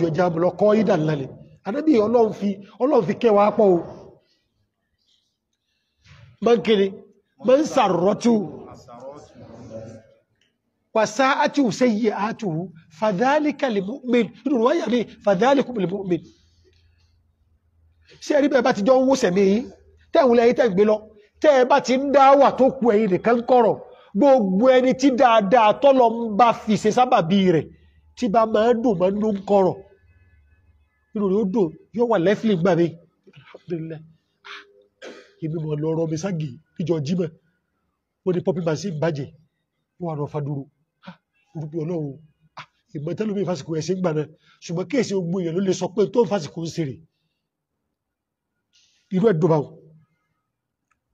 ju ẹja lọ kọ́ ìdà lálẹ́ anábì ọlọ́run fi ọlọ́run fi kẹwàá pọ̀ o mọ́ ń kiri mọ́ ń sàrọ́tù wàsá àti òṣè yìí àti òhù fàdálíkà lè mọ́mìn nínú wáyà mi fàdálíkà tẹ́ ẹ bá ti ń dá tó kù ẹ̀yìn nìkan kọ̀rọ̀ gbogbo ẹni tí dáadáa tọ́lọ ń bá fi ṣe sábàbí rẹ̀ tí bá máa dùn máa ń ló ń kọ̀rọ̀ inú rẹ̀ ó dùn yóò wà lẹ́fìlì gbà mí alhamdulillah ah, èmi mọ̀ lọ́rọ̀ mi ságì níjọ jímọ̀ wọ́n ní pọ́pí màsí bàjẹ́ wọ́n àrọ̀ fadúró ah, orúkọ ọlọ́run ah, ìmọ̀ tẹ́lómi ìfàsìkò ẹ̀sìn gbà náà ṣùgbọ́n kéèsì ogun èèyàn ló lè sọ pé tó ń fàsìkò ń ṣeré irú ẹ̀dùn báwọn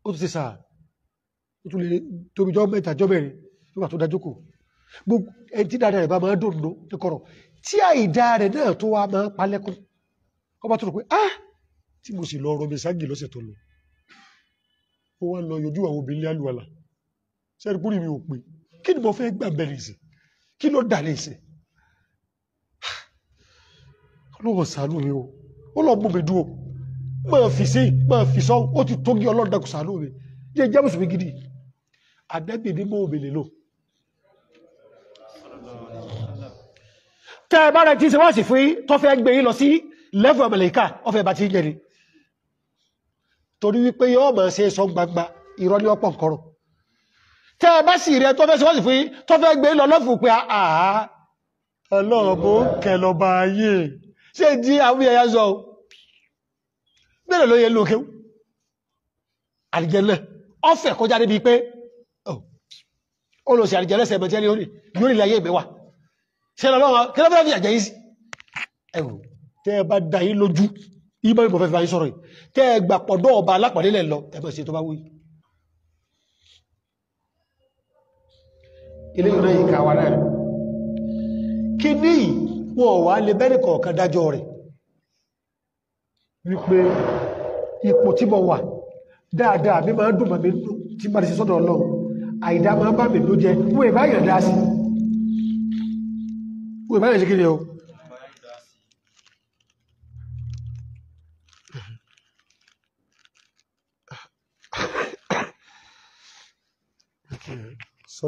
ó ti sà ó tún lè tóbi jọ mẹ́ta jọ mẹ́rin nígbà tó dájú kù gbogbo ẹni tí dáadáa rẹ̀ bá máa dùn nù ní kọ̀rọ̀ tí àìdáa rẹ̀ náà tó wá máa palẹ́kùn ọba tó rò pé ah tí mo sì lọ rọmi ságì lọ́sẹ̀ tó lọ ó wá lọ yọjú àwọn obìnrin alùwàlà sẹ́ni púrì mi ò pé kí ni mo fẹ́ gbà bẹ̀rẹ̀ ìsìn kí ló dà ní ìsìn sàánú mi o ó lọ gbọ́n mi dúró máa fi sí máa fi sọ́ ó ti tógi ọlọ́dàkù sàánú mi jẹ́ jẹ́ mùsùlùmí gidi àdẹ́gbèdé mọ́ òbèlè lò tẹ́ ẹ bá rẹ̀ tí ń ṣe wá sí fún yín tó fẹ́ gbé yín lọ sí lẹ́fọ̀ mẹ̀lẹ́ká ọfẹ́ bá ti jẹ́ ni torí wípé yọ́ mọ̀ sí sọ gbangba irọ́ ní ọ̀pọ̀ nkọrọ̀ tẹ́ ẹ bá sì rẹ tó fẹ́ sọ́sì fún yín tó fẹ́ gbé lọ lọ́fù pé àá ọlọ́ọ̀bọ kẹlọba ayé ṣé di àwọn ẹ̀yà zọ bẹ́ẹ̀ ló yẹ lókè àlìjẹ́lẹ̀ ọ̀fẹ́ kọjá débi pé ó lọ sí àlìjẹ́lẹ̀ sẹ̀mẹ̀tẹ́lẹ̀ yóò rí láyé ìbẹ̀wà ṣe lọ́wọ́ kí lọ́fẹ́ fi àjẹ́ tẹ́ ẹ bá da yín lójú yín bá mi bọ̀ fẹ́ fẹ́ báyìí sọ̀rọ̀ yìí tẹ́ ẹ gbà pọ̀dọ̀ ọba alápàdé lẹ̀ lọ ẹ bá ṣe tó bá wí. ilé ìrìnà yìí kà wá náà rẹ̀ kí ní wọn ò wá lè bẹ́rẹ̀ kọ̀ọ̀kan dájọ́ rẹ̀ wípé ipò tí mo wà dáadáa mi máa ń dùn màmí tí màá ṣe sọ́dọ̀ ọlọ́run àìdá máa bá mi ló jẹ wọ́n ìbáyàn dá sí wọ́n ìbáyàn ṣe kí ni o. 嗯，说。